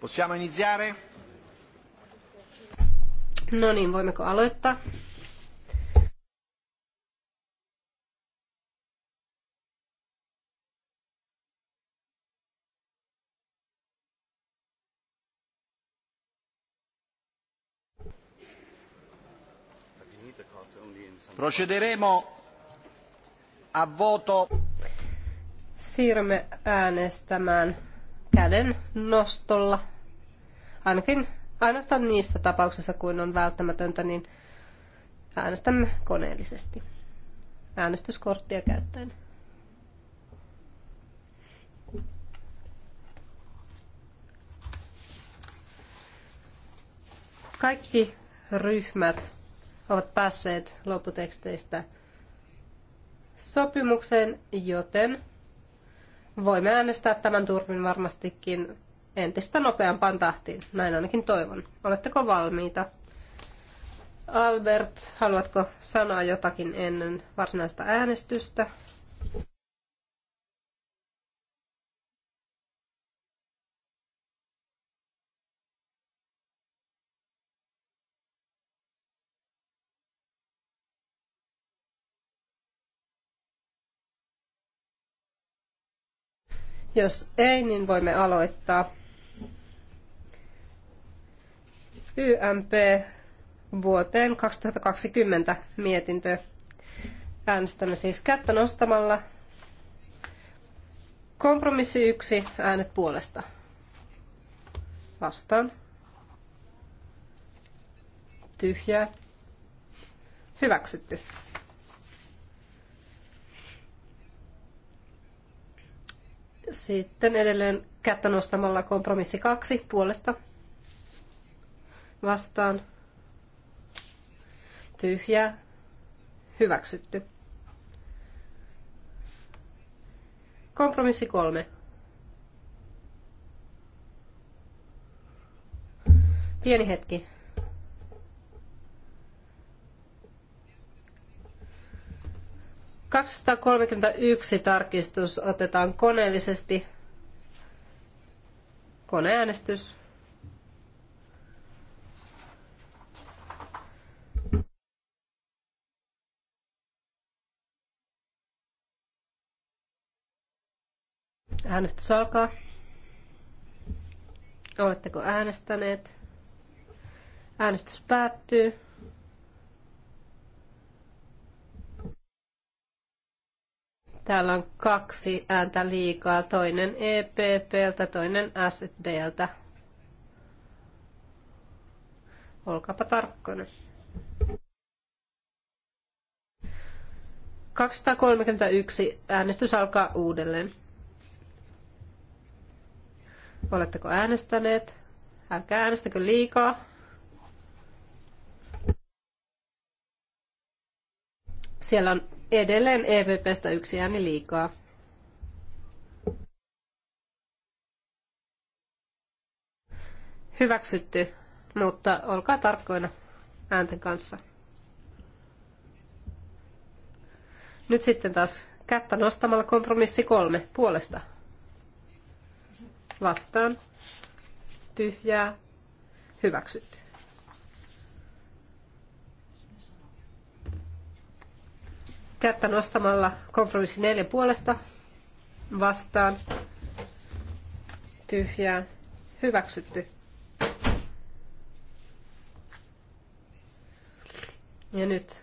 Possiamo iniziare? No niin, voimmeko aloittaa? Procederemo a voto. Siirrymme äänestämään käden nostolla, ainakin ainoastaan niissä tapauksissa, kuin on välttämätöntä, niin äänestämme koneellisesti äänestyskorttia käyttäen. Kaikki ryhmät ovat päässeet lopputeksteistä sopimukseen, joten voimme äänestää tämän turvin varmastikin entistä nopeampaan tahtiin. Näin ainakin toivon. Oletteko valmiita? Albert, haluatko sanoa jotakin ennen varsinaista äänestystä? Jos ei, niin voimme aloittaa. YMP vuoteen 2020 mietintö. Äänestämme siis kättä nostamalla. Kompromissi yksi, äänet puolesta. Vastaan. Tyhjää. Hyväksytty. Sitten edelleen kättä nostamalla kompromissi kaksi puolesta vastaan tyhjää hyväksytty. Kompromissi kolme. Pieni hetki. 231 tarkistus otetaan koneellisesti. Koneäänestys. Äänestys alkaa. Oletteko äänestäneet? Äänestys päättyy. Täällä on kaksi ääntä liikaa, toinen EPPltä, toinen SDltä. Olkaapa tarkkana. 231. Äänestys alkaa uudelleen. Oletteko äänestäneet? Älkää äänestäkö liikaa. Siellä on edelleen EVPstä yksi ääni liikaa. Hyväksytty, mutta olkaa tarkkoina äänten kanssa. Nyt sitten taas kättä nostamalla kompromissi kolme puolesta. Vastaan. Tyhjää. Hyväksytty. kättä nostamalla kompromissi neljä puolesta vastaan tyhjää hyväksytty. Ja nyt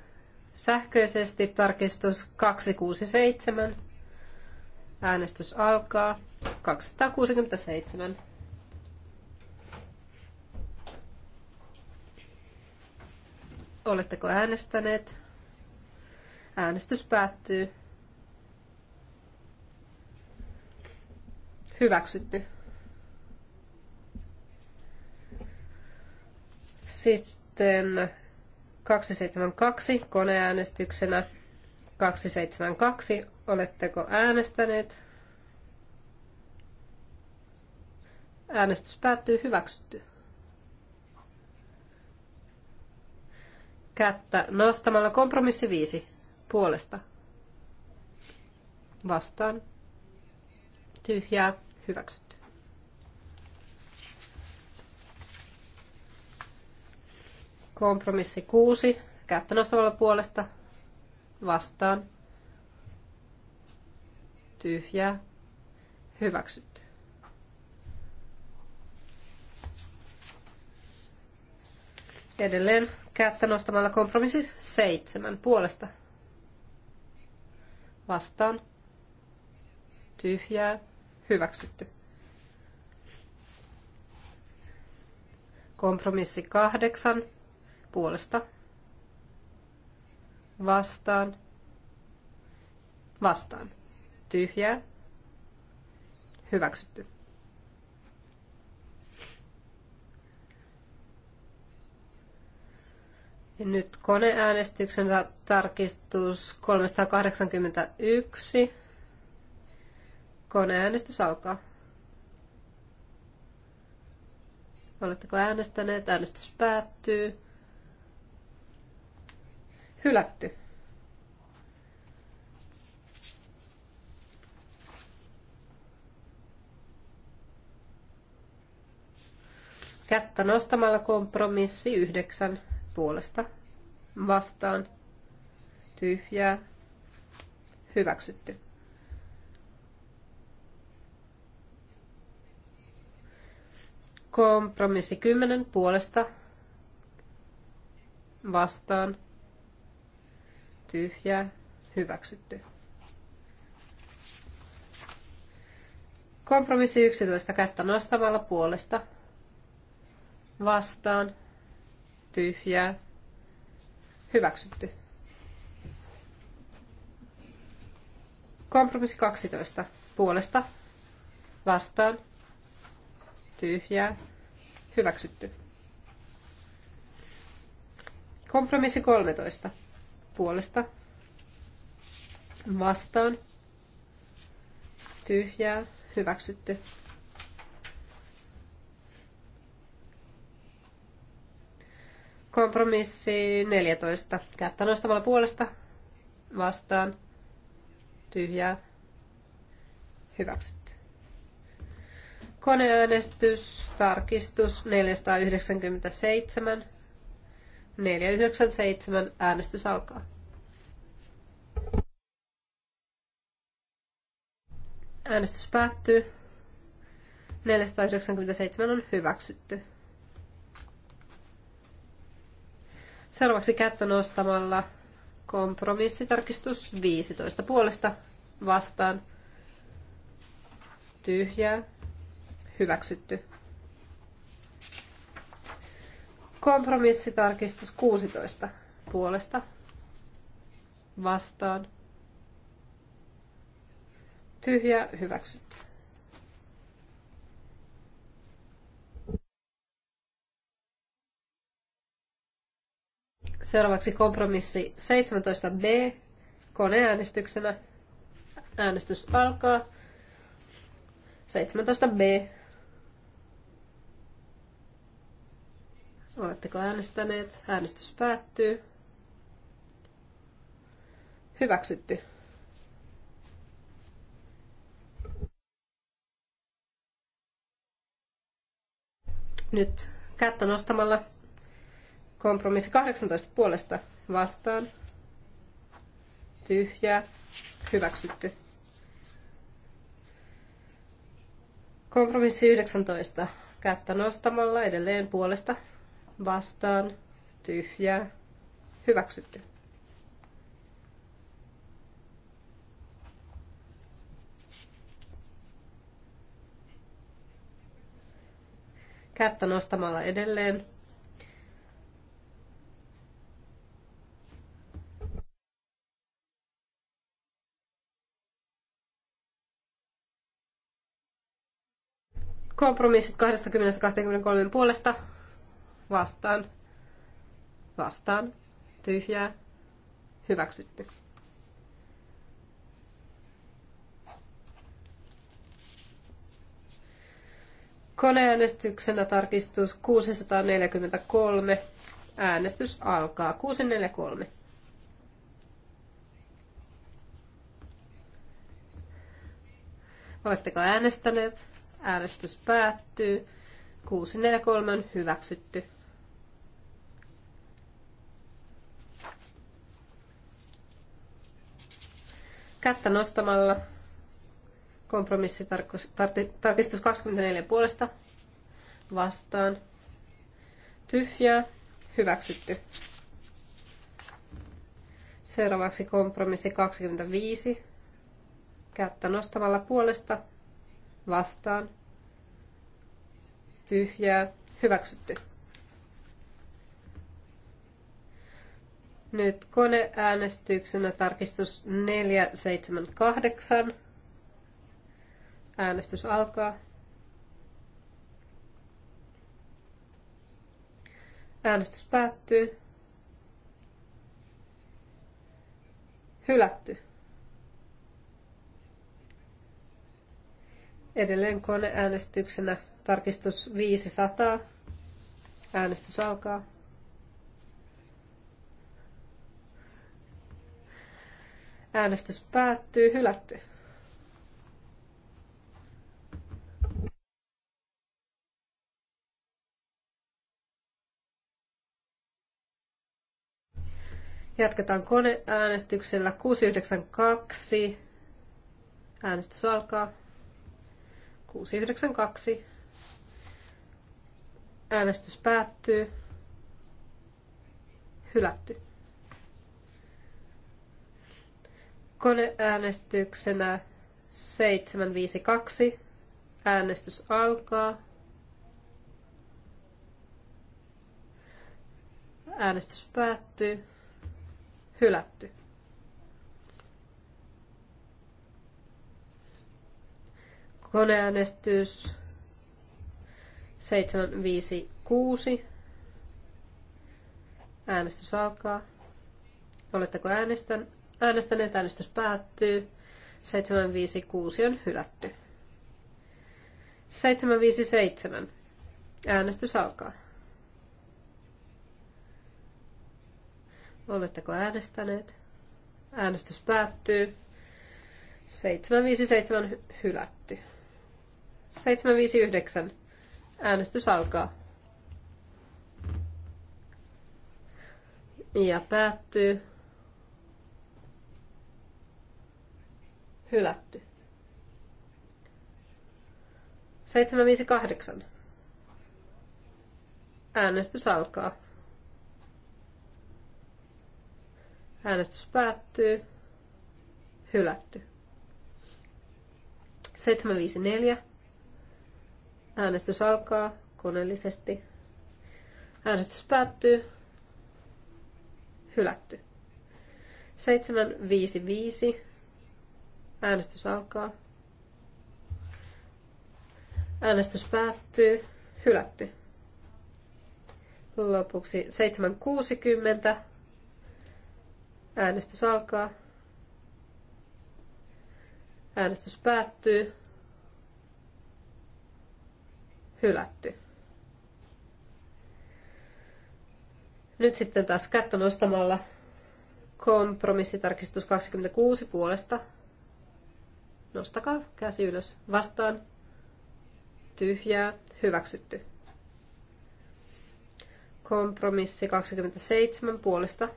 sähköisesti tarkistus 267. Äänestys alkaa 267. Oletteko äänestäneet? Äänestys päättyy. Hyväksytty. Sitten 272 koneäänestyksenä. 272. Oletteko äänestäneet? Äänestys päättyy hyväksytty. Kättä nostamalla kompromissi 5 puolesta vastaan tyhjää hyväksytty. Kompromissi 6 kättä nostamalla puolesta vastaan tyhjää hyväksytty. Edelleen kättä nostamalla kompromissi seitsemän puolesta vastaan, tyhjää, hyväksytty. Kompromissi kahdeksan puolesta vastaan vastaan tyhjää hyväksytty. Nyt koneäänestyksen tarkistus 381. Koneäänestys alkaa. Oletteko äänestäneet? Äänestys päättyy. Hylätty. Kättä nostamalla kompromissi yhdeksän puolesta vastaan tyhjää hyväksytty. Kompromissi 10 puolesta vastaan tyhjää hyväksytty. Kompromissi 11 kättä nostamalla puolesta vastaan tyhjää, hyväksytty. Kompromissi 12. Puolesta, vastaan, tyhjää, hyväksytty. Kompromissi 13. Puolesta, vastaan, tyhjää, hyväksytty. Kompromissi 14. Kättä nostamalla puolesta vastaan. Tyhjää. Hyväksytty. Koneäänestys, tarkistus 497. 497 äänestys alkaa. Äänestys päättyy. 497 on hyväksytty. Seuraavaksi kättä nostamalla kompromissitarkistus 15 puolesta vastaan. Tyhjää. Hyväksytty. Kompromissitarkistus 16 puolesta vastaan. Tyhjä hyväksytty. Seuraavaksi kompromissi 17b koneäänestyksenä. Äänestys alkaa. 17b. Oletteko äänestäneet? Äänestys päättyy. Hyväksytty. Nyt kättä nostamalla Kompromissi 18 puolesta vastaan. Tyhjää. Hyväksytty. Kompromissi 19. Kättä nostamalla edelleen puolesta vastaan. Tyhjää. Hyväksytty. Kättä nostamalla edelleen Kompromissit 20-23 puolesta vastaan. Vastaan. Tyhjää. Hyväksytty. Koneäänestyksenä tarkistus 643. Äänestys alkaa 643. Oletteko äänestäneet? Äänestys päättyy. 643 on hyväksytty. Kättä nostamalla kompromissitarkistus 24 puolesta vastaan. Tyhjää. Hyväksytty. Seuraavaksi kompromissi 25. Kättä nostamalla puolesta vastaan, tyhjää, hyväksytty. Nyt koneäänestyksenä tarkistus 478. Äänestys alkaa. Äänestys päättyy. Hylätty. Edelleen koneäänestyksenä tarkistus 500. Äänestys alkaa. Äänestys päättyy. Hylätty. Jatketaan koneäänestyksellä 692. Äänestys alkaa. 692. Äänestys päättyy. Hylätty. Koneäänestyksenä 752. Äänestys alkaa. Äänestys päättyy. Hylätty. Koneäänestys 756. Äänestys alkaa. Oletteko äänestän, äänestäneet? Äänestys päättyy. 756 on hylätty. 757. Äänestys alkaa. Oletteko äänestäneet? Äänestys päättyy. 757 hylätty. 759. Äänestys alkaa. Ja päättyy. Hylätty. 758. Äänestys alkaa. Äänestys päättyy. Hylätty. 754. Äänestys alkaa koneellisesti. Äänestys päättyy. Hylätty. 755. Äänestys alkaa. Äänestys päättyy. Hylätty. Lopuksi 760. Äänestys alkaa. Äänestys päättyy hylätty. Nyt sitten taas kättä nostamalla kompromissitarkistus 26 puolesta. Nostakaa käsi ylös vastaan. Tyhjää, hyväksytty. Kompromissi 27 puolesta.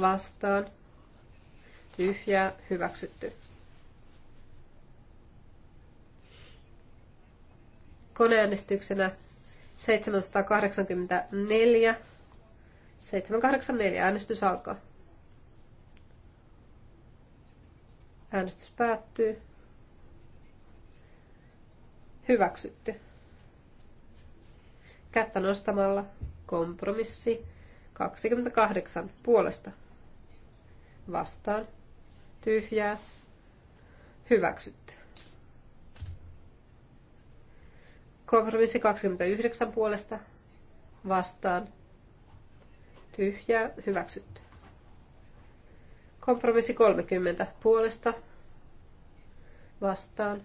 Vastaan. Tyhjää, hyväksytty. koneäänestyksenä 784. 784 äänestys alkaa. Äänestys päättyy. Hyväksytty. Kättä nostamalla kompromissi 28 puolesta. Vastaan. Tyhjää. Hyväksytty. Kompromissi 29 puolesta vastaan. Tyhjää hyväksytty. Kompromissi 30 puolesta vastaan.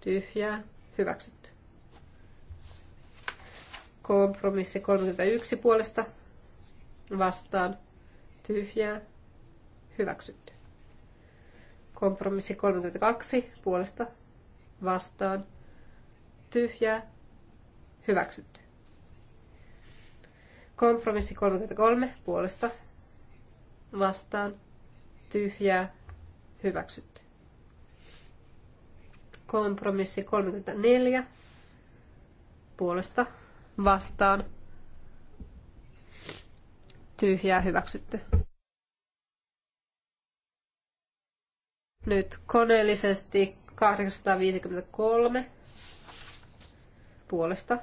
Tyhjää hyväksytty. Kompromissi 31 puolesta vastaan. Tyhjää hyväksytty. Kompromissi 32 puolesta vastaan tyhjää, hyväksytty. Kompromissi 33 puolesta vastaan tyhjää, hyväksytty. Kompromissi 34 puolesta vastaan tyhjää, hyväksytty. Nyt koneellisesti 853 puolesta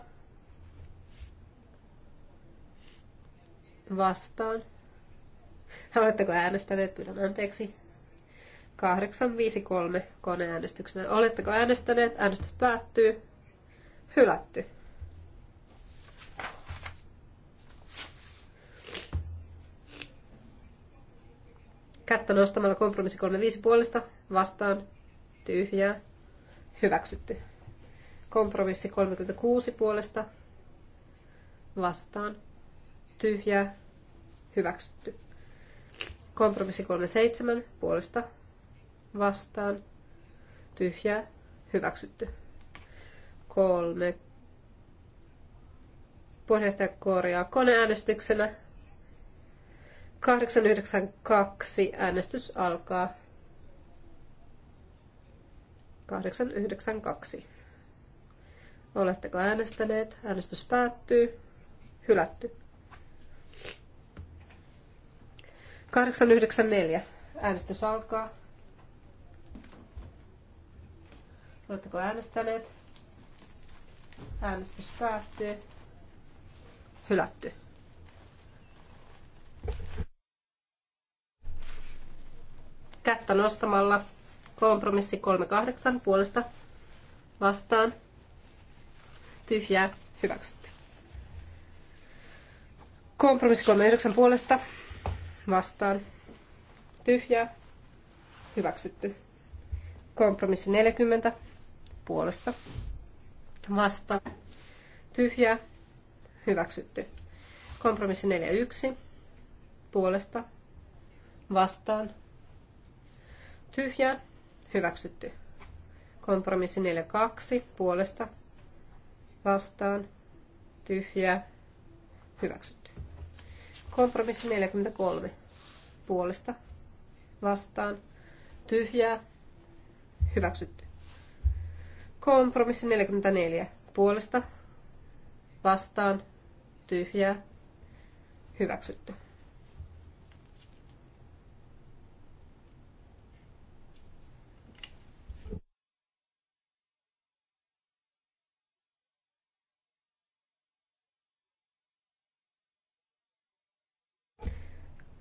vastaan. Oletteko äänestäneet? Pyydän anteeksi. 853 koneäänestyksenä. Oletteko äänestäneet? Äänestys päättyy. Hylätty. Kättä nostamalla kompromissi 35 puolesta vastaan. Tyhjää. Hyväksytty. Kompromissi 36 puolesta vastaan. Tyhjää. Hyväksytty. Kompromissi 37 puolesta vastaan. Tyhjää. Hyväksytty. Kolme. Puheenjohtaja korjaa koneäänestyksenä. 892 äänestys alkaa. 892. Oletteko äänestäneet? Äänestys päättyy. Hylätty. 894. Äänestys alkaa. Oletteko äänestäneet? Äänestys päättyy. Hylätty. Kättä nostamalla kompromissi 38 puolesta vastaan tyhjää, hyväksytty. Kompromissi 39 puolesta, vastaan, tyhjää, hyväksytty. Kompromissi 40 puolesta, vastaan, tyhjää, hyväksytty. Kompromissi 41 puolesta, vastaan, tyhjää, hyväksytty. Kompromissi 42 puolesta, vastaan, tyhjä hyväksytty. Kompromissi 43 puolesta, vastaan, tyhjä hyväksytty. Kompromissi 44 puolesta, vastaan, tyhjä hyväksytty.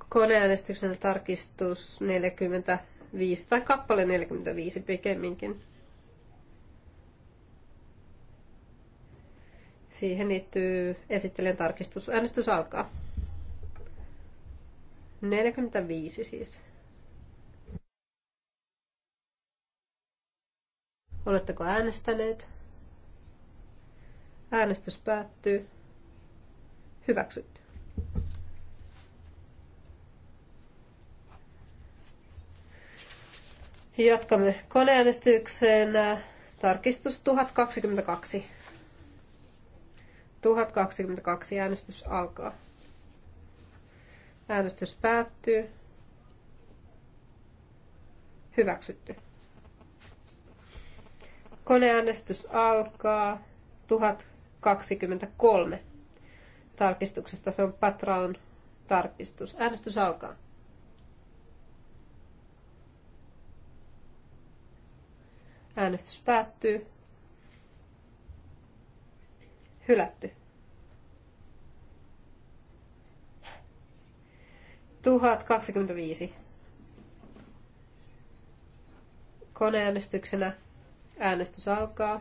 koneäänestyksen tarkistus 45 tai kappale 45 pikemminkin. Siihen liittyy esittelijän tarkistus. Äänestys alkaa. 45 siis. Oletteko äänestäneet? Äänestys päättyy. Hyväksytty. Jatkamme koneäänestykseen. Tarkistus 1022. 1022 äänestys alkaa. Äänestys päättyy. Hyväksytty. Koneäänestys alkaa 1023. Tarkistuksesta se on Patraon tarkistus. Äänestys alkaa. Äänestys päättyy. Hylätty. 1025. Koneäänestyksenä äänestys alkaa.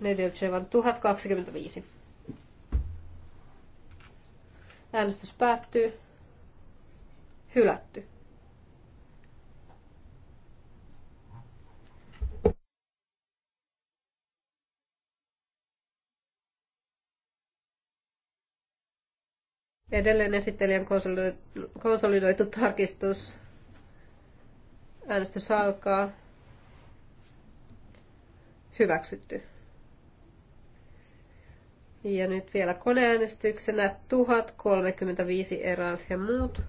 Nedelchevan 1025. Äänestys päättyy. Hylätty. Edelleen esittelijän konsolidoitu tarkistus. Äänestys alkaa. Hyväksytty. Ja nyt vielä koneäänestyksenä 1035 erää ja muut.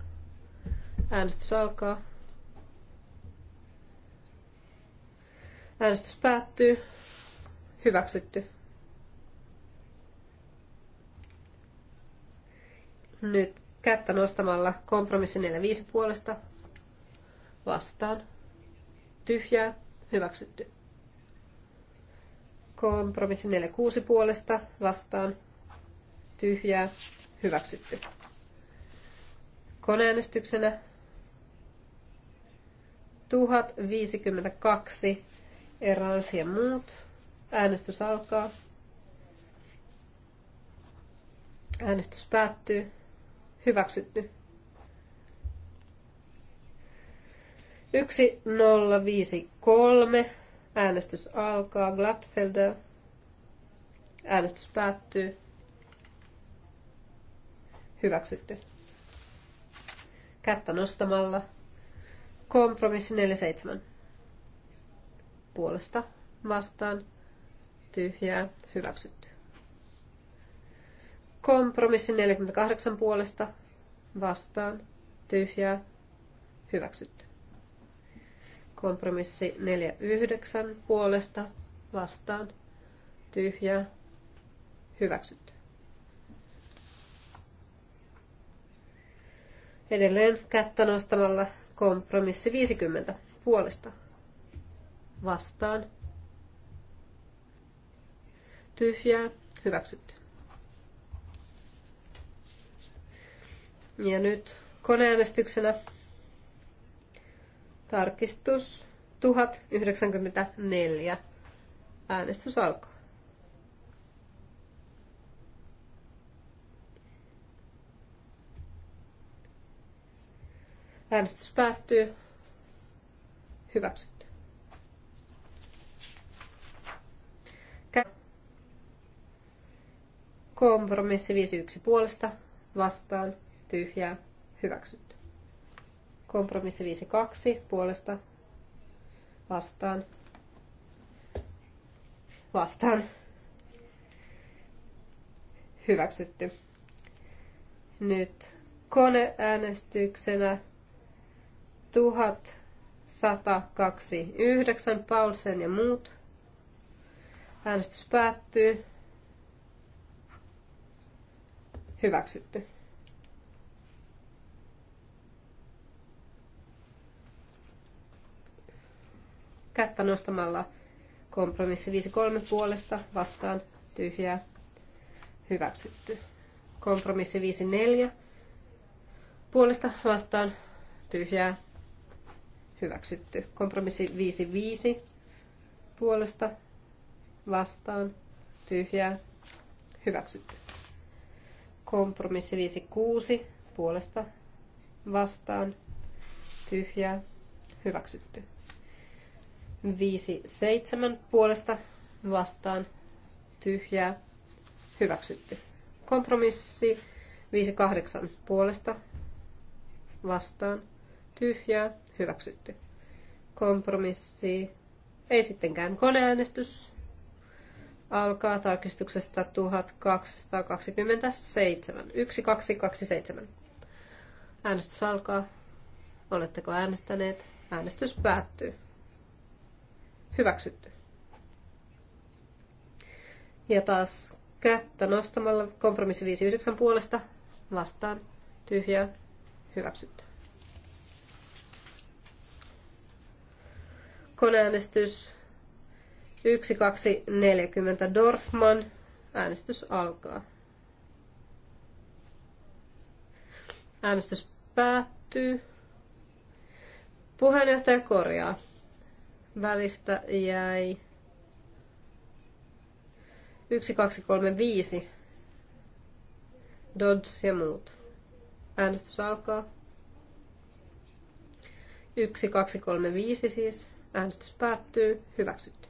Äänestys alkaa. Äänestys päättyy. Hyväksytty. Nyt kättä nostamalla kompromissi 45 puolesta vastaan. Tyhjää, hyväksytty. Kompromissi 46 puolesta vastaan. Tyhjää, hyväksytty. Koneäänestyksenä 1052 Erans ja muut. Äänestys alkaa. Äänestys päättyy. Hyväksytty. 1053. Äänestys alkaa. Gladfelder. Äänestys päättyy. Hyväksytty. Kättä nostamalla. Kompromissi 47. Puolesta vastaan. Tyhjää. Hyväksytty. Kompromissi 48 puolesta vastaan tyhjää hyväksytty. Kompromissi 49 puolesta vastaan tyhjää hyväksytty. Edelleen kättä nostamalla kompromissi 50 puolesta vastaan tyhjää hyväksytty. Ja nyt koneäänestyksenä tarkistus 1094. Äänestys alkaa. Äänestys päättyy. Hyväksytty. Kompromissi 51 puolesta vastaan tyhjää, hyväksytty. Kompromissi 5.2 puolesta vastaan. Vastaan. Hyväksytty. Nyt koneäänestyksenä 1129 Paulsen ja muut. Äänestys päättyy. Hyväksytty. kättä nostamalla. Kompromissi 53 puolesta vastaan tyhjää hyväksytty. Kompromissi 54 puolesta vastaan tyhjää hyväksytty. Kompromissi 55 puolesta vastaan tyhjää hyväksytty. Kompromissi 56 puolesta vastaan tyhjää hyväksytty. 5, 7 puolesta vastaan tyhjää hyväksytty. Kompromissi 5, 8 puolesta vastaan tyhjää hyväksytty. Kompromissi ei sittenkään koneäänestys alkaa tarkistuksesta 1227. 1227. Äänestys alkaa. Oletteko äänestäneet? Äänestys päättyy. Hyväksytty. Ja taas kättä nostamalla kompromissi 59 puolesta vastaan tyhjää hyväksytty. Koneäänestys 1240 Dorfman. Äänestys alkaa. Äänestys päättyy. Puheenjohtaja korjaa välistä jäi 1, 2, 3, 5. Dodds ja muut. Äänestys alkaa. 1, 2, 3, 5 siis. Äänestys päättyy. Hyväksytty.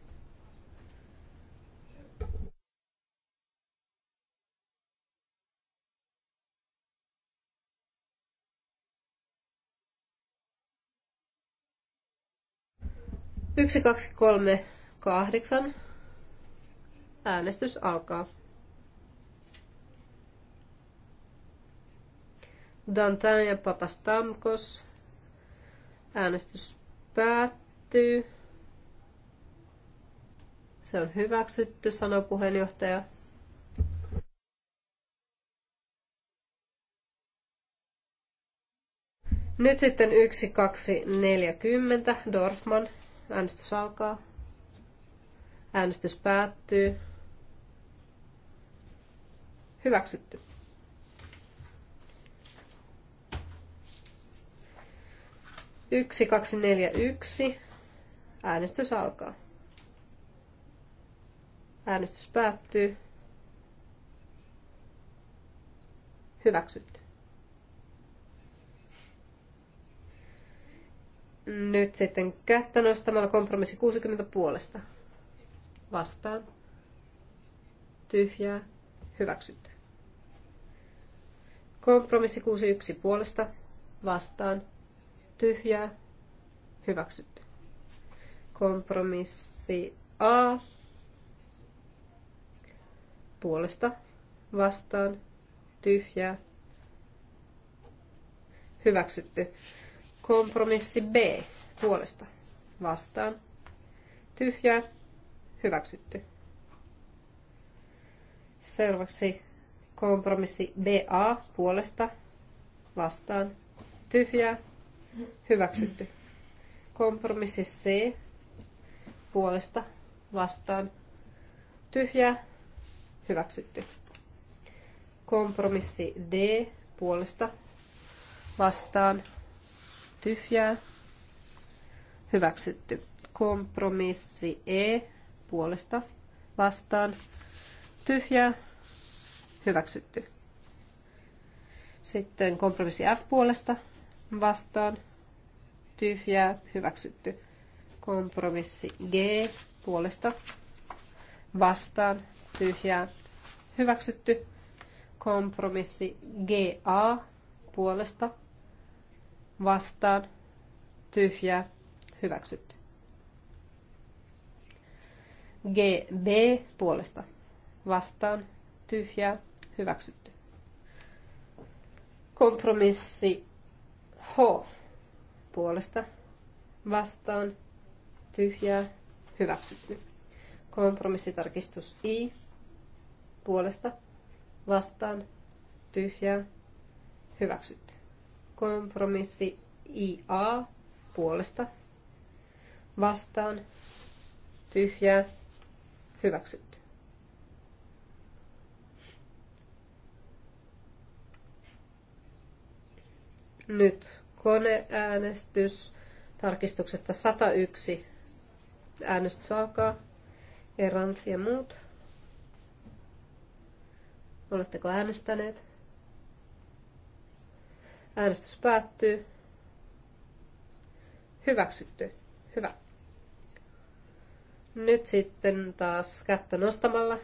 1, 2, 3, 8. Äänestys alkaa. Dantan ja Papastamkos. Äänestys päättyy. Se on hyväksytty, sanoo puheenjohtaja. Nyt sitten 1, 2, 40, Dorfman. Äänestys alkaa. Äänestys päättyy. Hyväksytty. Yksi, kaksi, neljä, yksi. Äänestys alkaa. Äänestys päättyy. Hyväksytty. Nyt sitten kättä nostamalla kompromissi 60 puolesta. Vastaan. Tyhjää. Hyväksytty. Kompromissi 61 puolesta. Vastaan. Tyhjää. Hyväksytty. Kompromissi A puolesta, vastaan, tyhjää, hyväksytty. Kompromissi B puolesta vastaan. Tyhjää. Hyväksytty. Seuraavaksi kompromissi BA puolesta vastaan. Tyhjää. Hyväksytty. Kompromissi C puolesta vastaan. Tyhjää. Hyväksytty. Kompromissi D puolesta vastaan tyhjää, hyväksytty. Kompromissi E puolesta vastaan, tyhjää, hyväksytty. Sitten kompromissi F puolesta vastaan, tyhjää, hyväksytty. Kompromissi G puolesta vastaan, tyhjää, hyväksytty. Kompromissi GA puolesta vastaan, tyhjää, hyväksytty. GB puolesta vastaan, tyhjää, hyväksytty. Kompromissi H puolesta vastaan, tyhjää, hyväksytty. Kompromissitarkistus I puolesta vastaan, tyhjää, hyväksytty. Kompromissi IA puolesta vastaan tyhjää hyväksytty. Nyt koneäänestys tarkistuksesta 101. Äänestys alkaa. Erant ja muut. Oletteko äänestäneet? Äänestys päättyy. Hyväksytty. Hyvä. Nyt sitten taas kättä nostamalla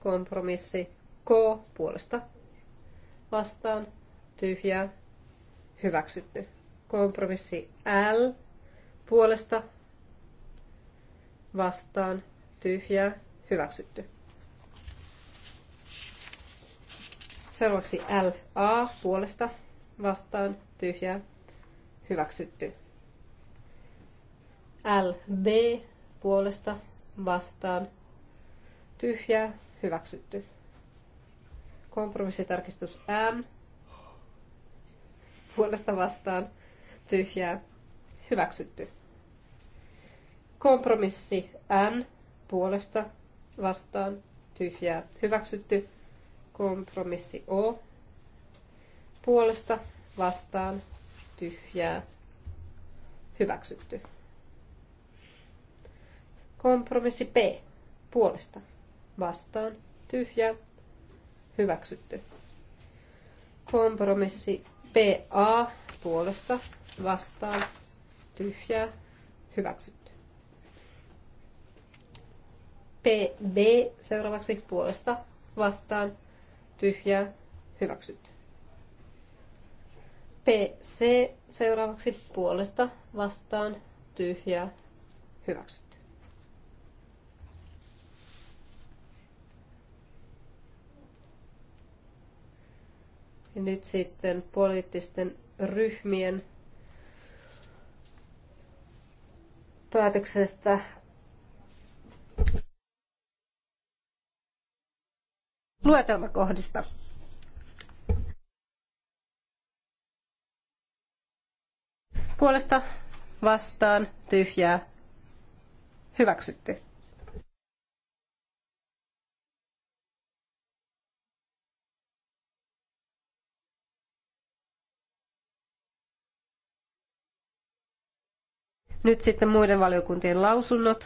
kompromissi K puolesta vastaan tyhjää hyväksytty. Kompromissi L puolesta vastaan tyhjää hyväksytty. Seuraavaksi LA puolesta vastaan tyhjää hyväksytty. B puolesta vastaan tyhjää hyväksytty. Kompromissitarkistus M puolesta vastaan tyhjää hyväksytty. Kompromissi N puolesta vastaan tyhjää hyväksytty. Kompromissi O puolesta vastaan tyhjää hyväksytty. Kompromissi B puolesta vastaan tyhjää hyväksytty. Kompromissi PA puolesta vastaan tyhjää hyväksytty. PB seuraavaksi puolesta vastaan tyhjää hyväksytty. PC seuraavaksi puolesta vastaan tyhjää hyväksytty. Ja nyt sitten poliittisten ryhmien päätöksestä luetelmakohdista. puolesta vastaan tyhjää hyväksytty. Nyt sitten muiden valiokuntien lausunnot.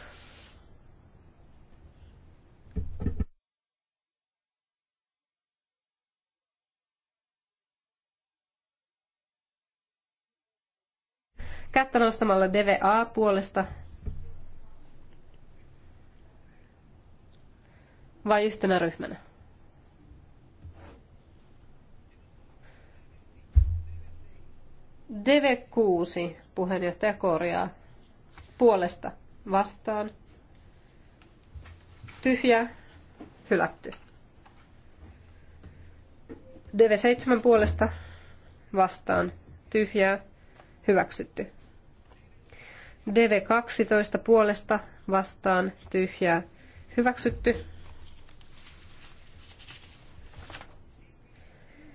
Kättä nostamalla DVA puolesta vai yhtenä ryhmänä? DV6 puheenjohtaja korjaa puolesta vastaan. Tyhjä, hylätty. DV7 puolesta vastaan, tyhjää, hyväksytty. DV12 puolesta vastaan tyhjää hyväksytty.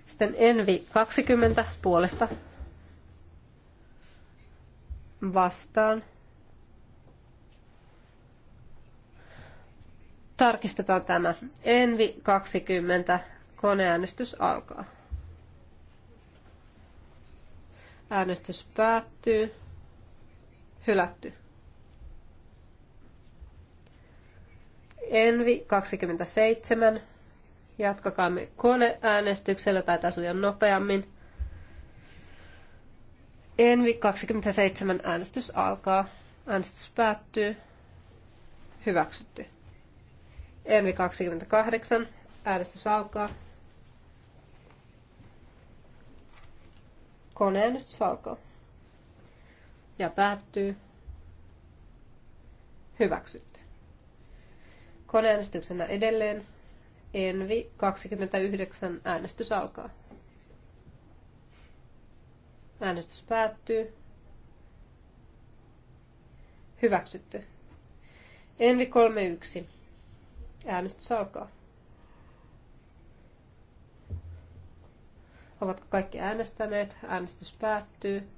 Sitten Envi 20 puolesta vastaan. Tarkistetaan tämä. Envi 20. Koneäänestys alkaa. Äänestys päättyy. Hylätty. Envi 27. me koneäänestyksellä tai tasuja nopeammin. Envi 27 äänestys alkaa. Äänestys päättyy. Hyväksytty. Envi 28 äänestys alkaa. Koneäänestys alkaa ja päättyy. Hyväksytty. Koneäänestyksenä edelleen Envi 29 äänestys alkaa. Äänestys päättyy. Hyväksytty. Envi 31. Äänestys alkaa. Ovatko kaikki äänestäneet? Äänestys päättyy.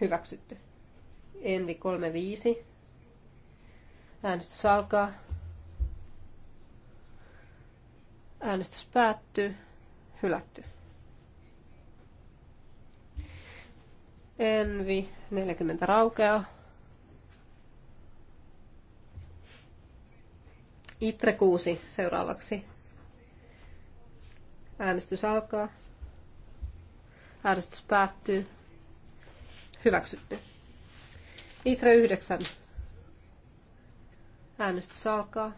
Hyväksytty. Envi 35. Äänestys alkaa. Äänestys päättyy. Hylätty. Envi 40 raukeaa. Itre 6 seuraavaksi. Äänestys alkaa. Äänestys päättyy. Hyväksytty. Itra 9. Äänestys alkaa.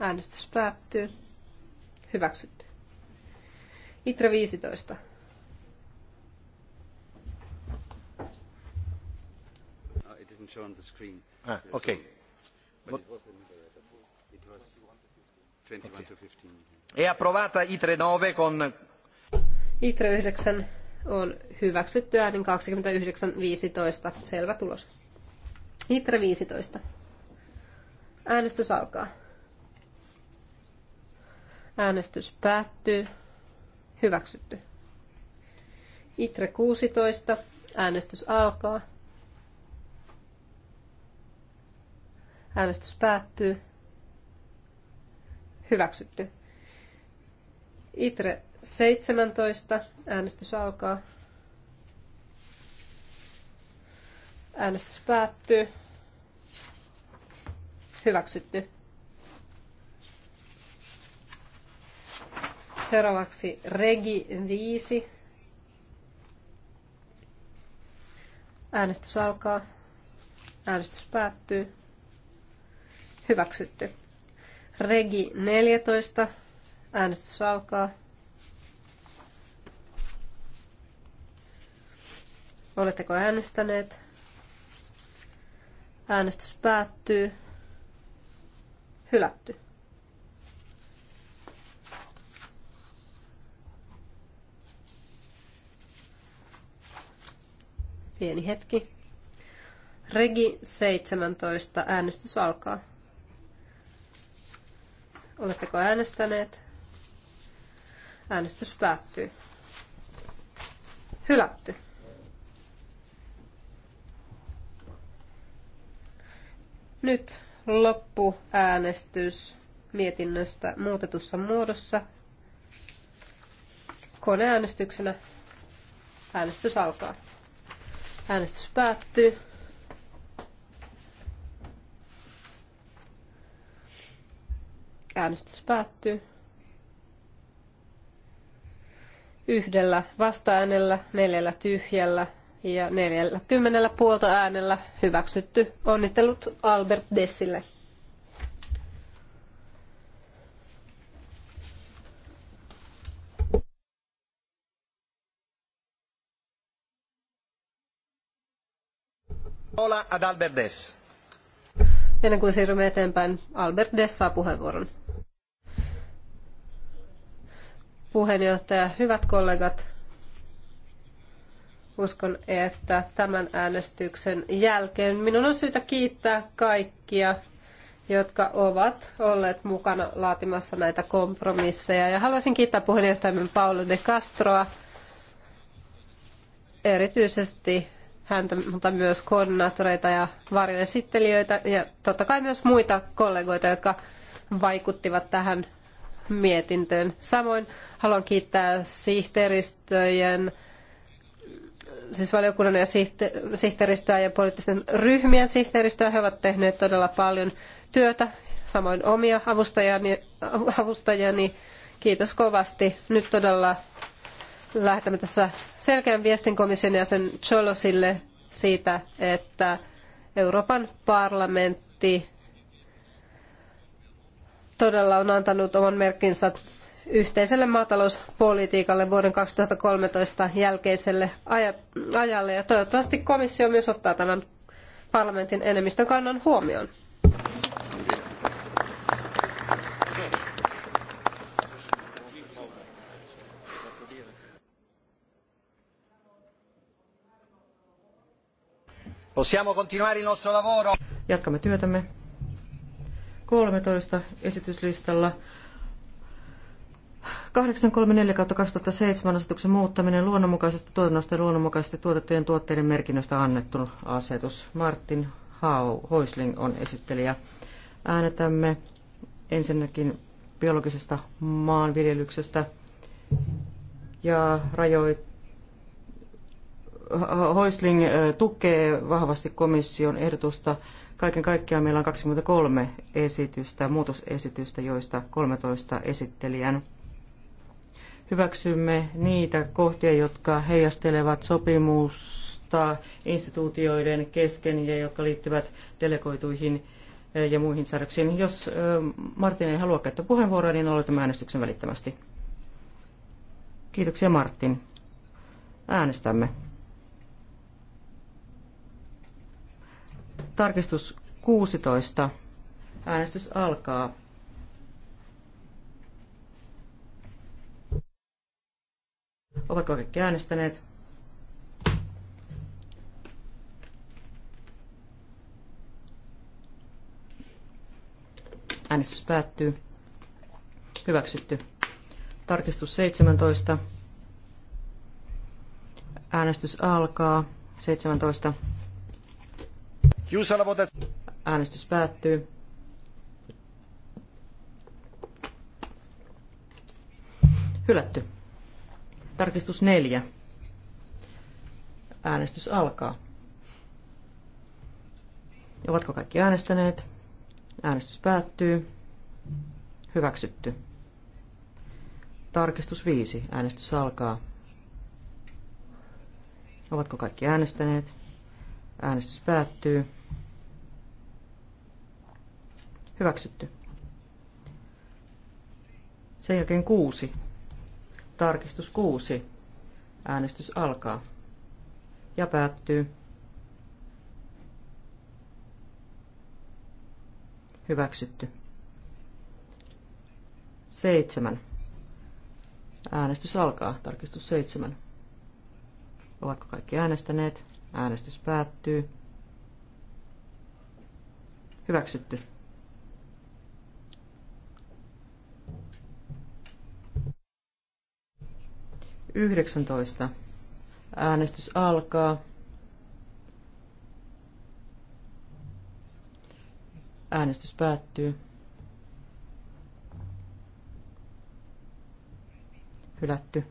Äänestys päättyy. Hyväksytty. Itra 15. No, show on the screen. Ah, okay. But it was It was 21 okay. to 15. È approvata I39 con... ITRE 9 on hyväksytty äänin 29.15. Selvä tulos. Itre 15. Äänestys alkaa. Äänestys päättyy. Hyväksytty. Itre 16. Äänestys alkaa. Äänestys päättyy. Hyväksytty. Itre 17. Äänestys alkaa. Äänestys päättyy. Hyväksytty. Seuraavaksi Regi 5. Äänestys alkaa. Äänestys päättyy. Hyväksytty. Regi 14. Äänestys alkaa. Oletteko äänestäneet? Äänestys päättyy. Hylätty. Pieni hetki. Regi 17. Äänestys alkaa. Oletteko äänestäneet? Äänestys päättyy. Hylätty. Nyt loppuäänestys mietinnöstä muutetussa muodossa. Koneäänestyksenä äänestys alkaa. Äänestys päättyy. Äänestys päättyy. Yhdellä vastaäänellä, neljällä tyhjällä, ja 40 puolta äänellä hyväksytty. Onnittelut Albert Dessille. Hola ad Albert Dess. Ennen kuin siirrymme eteenpäin, Albert Dess saa puheenvuoron. Puheenjohtaja, hyvät kollegat, Uskon, että tämän äänestyksen jälkeen minun on syytä kiittää kaikkia, jotka ovat olleet mukana laatimassa näitä kompromisseja. Ja haluaisin kiittää puheenjohtajamme Paolo de Castroa, erityisesti häntä, mutta myös koordinaattoreita ja varjoesittelijöitä ja totta kai myös muita kollegoita, jotka vaikuttivat tähän mietintöön. Samoin haluan kiittää sihteeristöjen siis valiokunnan ja sihteeristöä ja poliittisten ryhmien sihteeristöä. He ovat tehneet todella paljon työtä, samoin omia avustajani. avustajani. Kiitos kovasti. Nyt todella lähetämme tässä selkeän viestin komission ja sen Cholosille siitä, että Euroopan parlamentti todella on antanut oman merkkinsä yhteiselle maatalouspolitiikalle vuoden 2013 jälkeiselle ajalle ja toivottavasti komissio myös ottaa tämän parlamentin enemmistön kannan huomioon. Possiamo continuare il nostro lavoro. Jatkamme työtämme. 13 esityslistalla 834-2007 asetuksen muuttaminen luonnonmukaisesta tuotannosta ja luonnonmukaisesti tuotettujen tuotteiden merkinnöstä annettu asetus. Martin Hau, Hoisling on esittelijä. Äänetämme ensinnäkin biologisesta maanviljelyksestä ja rajoit... Hoisling tukee vahvasti komission ehdotusta. Kaiken kaikkiaan meillä on 23 esitystä, muutosesitystä, joista 13 esittelijän hyväksymme niitä kohtia, jotka heijastelevat sopimusta instituutioiden kesken ja jotka liittyvät delegoituihin ja muihin säädöksiin. Jos Martin ei halua käyttää puheenvuoroa, niin aloitamme äänestyksen välittömästi. Kiitoksia Martin. Äänestämme. Tarkistus 16. Äänestys alkaa. Ovatko kaikki äänestäneet? Äänestys päättyy. Hyväksytty. Tarkistus 17. Äänestys alkaa. 17. Äänestys päättyy. Hylätty. Tarkistus neljä. Äänestys alkaa. Ovatko kaikki äänestäneet? Äänestys päättyy. Hyväksytty. Tarkistus 5. Äänestys alkaa. Ovatko kaikki äänestäneet? Äänestys päättyy. Hyväksytty. Sen jälkeen kuusi. Tarkistus 6. Äänestys alkaa ja päättyy. Hyväksytty. 7. Äänestys alkaa. Tarkistus 7. Ovatko kaikki äänestäneet? Äänestys päättyy. Hyväksytty. 19. Äänestys alkaa. Äänestys päättyy. Hylätty.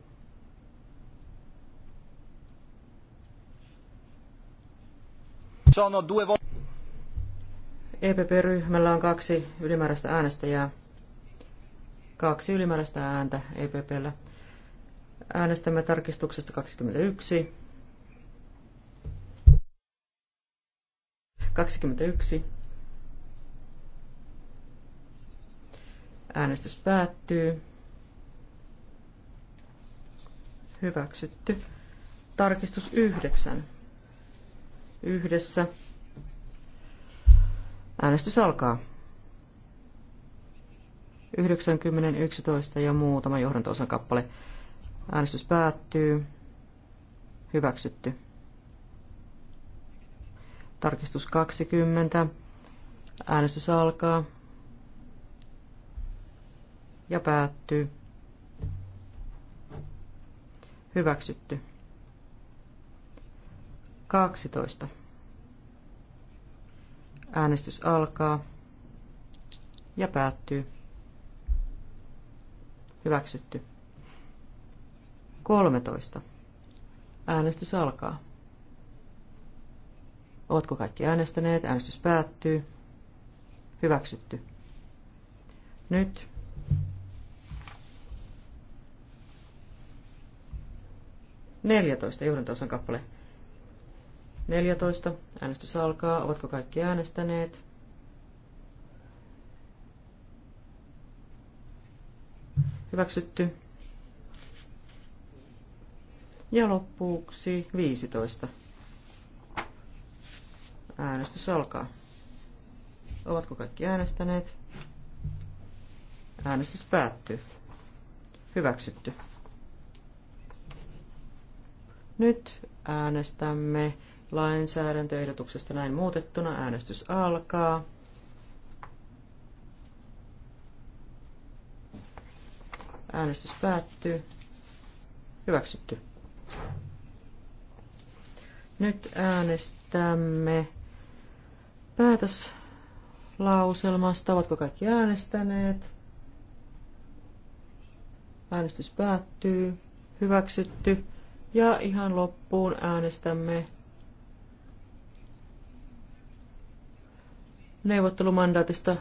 EPP-ryhmällä e on kaksi ylimääräistä äänestäjää. Kaksi ylimääräistä ääntä EPPllä. Äänestämme tarkistuksesta 21. 21. Äänestys päättyy. Hyväksytty. Tarkistus 9. Yhdessä. Äänestys alkaa. 90, 11 ja muutama johdanto kappale. Äänestys päättyy. Hyväksytty. Tarkistus 20. Äänestys alkaa. Ja päättyy. Hyväksytty. 12. Äänestys alkaa ja päättyy. Hyväksytty. 13. Äänestys alkaa. Ovatko kaikki äänestäneet? Äänestys päättyy. Hyväksytty. Nyt Neljätoista, johdantosan kappale. Neljätoista, äänestys alkaa. Ovatko kaikki äänestäneet? Hyväksytty. Ja loppuksi 15. Äänestys alkaa. Ovatko kaikki äänestäneet? Äänestys päättyy. Hyväksytty. Nyt äänestämme lainsäädäntöehdotuksesta näin muutettuna. Äänestys alkaa. Äänestys päättyy. Hyväksytty. Nyt äänestämme päätöslauselmasta. Ovatko kaikki äänestäneet? Äänestys päättyy. Hyväksytty. Ja ihan loppuun äänestämme neuvottelumandaatista.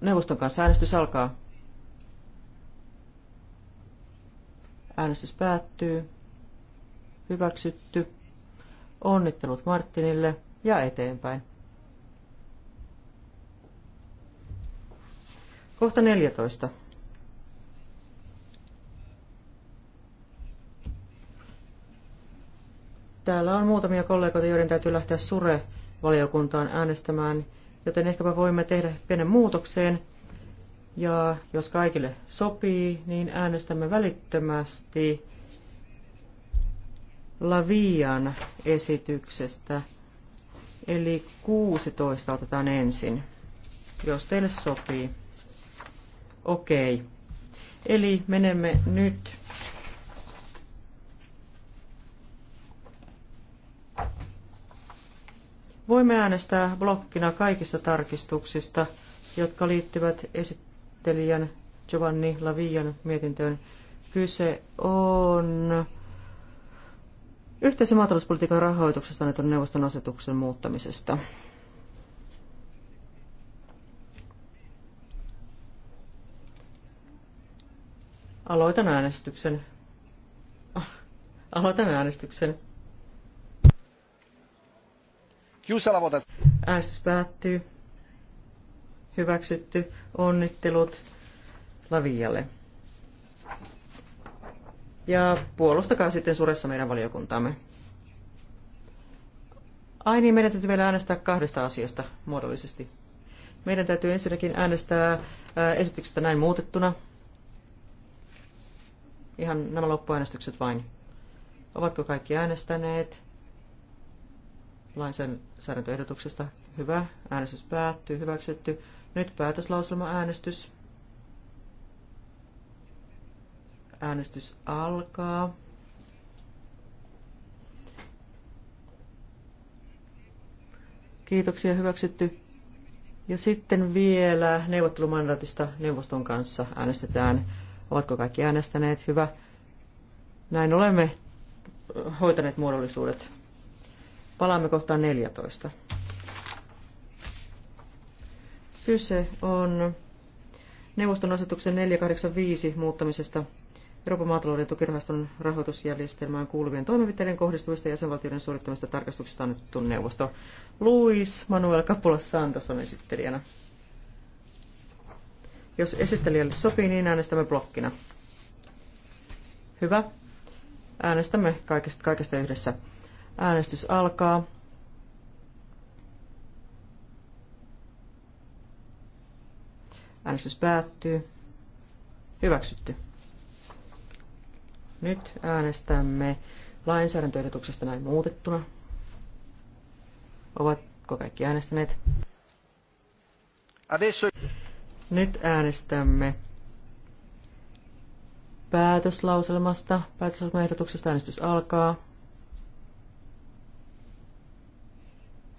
Neuvoston kanssa äänestys alkaa. Äänestys päättyy hyväksytty. Onnittelut Martinille ja eteenpäin. Kohta 14. Täällä on muutamia kollegoita, joiden täytyy lähteä Sure-valiokuntaan äänestämään, joten ehkäpä voimme tehdä pienen muutokseen. Ja jos kaikille sopii, niin äänestämme välittömästi Lavian esityksestä. Eli 16 otetaan ensin, jos teille sopii. Okei. Eli menemme nyt Voimme äänestää blokkina kaikista tarkistuksista, jotka liittyvät esittelijän Giovanni Lavian mietintöön. Kyse on Yhteisen maatalouspolitiikan rahoituksesta annetun neuvoston asetuksen muuttamisesta. Aloitan äänestyksen. Ah, aloitan äänestyksen. Äänestys päättyy. Hyväksytty. Onnittelut Lavialle ja puolustakaa sitten suressa meidän valiokuntaamme. Ai niin, meidän täytyy vielä äänestää kahdesta asiasta muodollisesti. Meidän täytyy ensinnäkin äänestää äh, esityksestä näin muutettuna. Ihan nämä loppuäänestykset vain. Ovatko kaikki äänestäneet? Lainsäädäntöehdotuksesta. Hyvä. Äänestys päättyy. Hyväksytty. Nyt päätöslauselma äänestys. Äänestys alkaa. Kiitoksia, hyväksytty. Ja sitten vielä neuvottelumandaatista neuvoston kanssa äänestetään. Ovatko kaikki äänestäneet? Hyvä. Näin olemme hoitaneet muodollisuudet. Palaamme kohtaan 14. Kyse on neuvoston asetuksen 485 muuttamisesta Euroopan maatalouden tukirahaston rahoitusjärjestelmään kuuluvien toimenpiteiden kohdistuvista jäsenvaltioiden suorittamista tarkastuksista annettu neuvosto. Luis Manuel Capula Santos on esittelijänä. Jos esittelijälle sopii, niin äänestämme blokkina. Hyvä. Äänestämme kaikesta, kaikesta yhdessä. Äänestys alkaa. Äänestys päättyy. Hyväksytty. Nyt äänestämme lainsäädäntöehdotuksesta näin muutettuna. Ovatko kaikki äänestäneet? Adesso... Nyt äänestämme päätöslauselmasta. Päätöslauselmaehdotuksesta äänestys alkaa.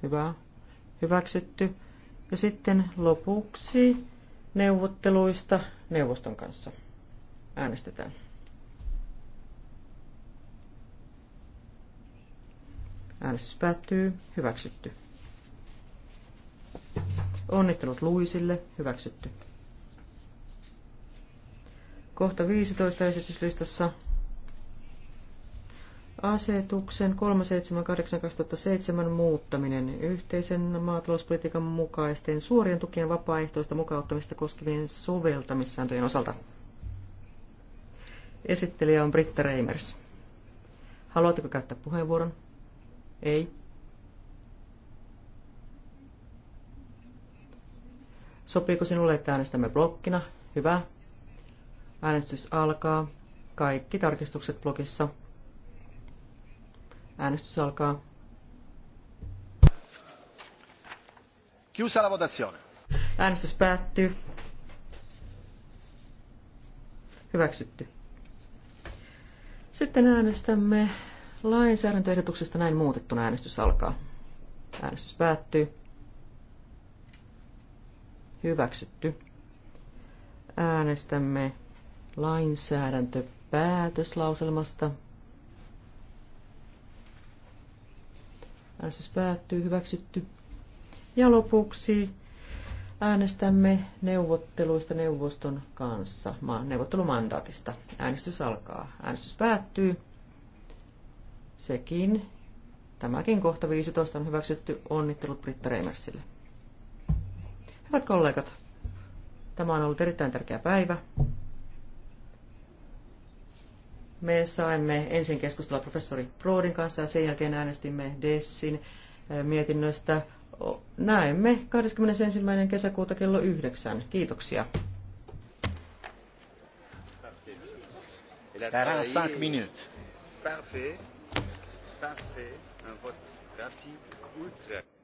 Hyvä. Hyväksytty. Ja sitten lopuksi neuvotteluista neuvoston kanssa äänestetään. Äänestys päättyy. Hyväksytty. Onnittelut Luisille. Hyväksytty. Kohta 15 esityslistassa. Asetuksen 378-2007 muuttaminen yhteisen maatalouspolitiikan mukaisten suorien tukien vapaaehtoista mukauttamista koskevien soveltamissääntöjen osalta. Esittelijä on Britta Reimers. Haluatteko käyttää puheenvuoron? Ei. Sopiiko sinulle, että äänestämme blokkina? Hyvä. Äänestys alkaa. Kaikki tarkistukset blogissa. Äänestys alkaa. Chiusa la votazione. Äänestys päättyy. Hyväksytty. Sitten äänestämme Lainsäädäntöehdotuksesta näin muutettuna äänestys alkaa. Äänestys päättyy. Hyväksytty. Äänestämme lainsäädäntöpäätöslauselmasta. Äänestys päättyy. Hyväksytty. Ja lopuksi äänestämme neuvotteluista neuvoston kanssa, neuvottelumandaatista. Äänestys alkaa. Äänestys päättyy. Sekin. Tämäkin kohta 15 on hyväksytty. Onnittelut Britta Reimersille. Hyvät kollegat, tämä on ollut erittäin tärkeä päivä. Me saimme ensin keskustella professori Broodin kanssa ja sen jälkeen äänestimme Dessin eh, mietinnöstä. Näemme 21. kesäkuuta kello 9. Kiitoksia. Parfait tout à fait un vote rapide, ultra.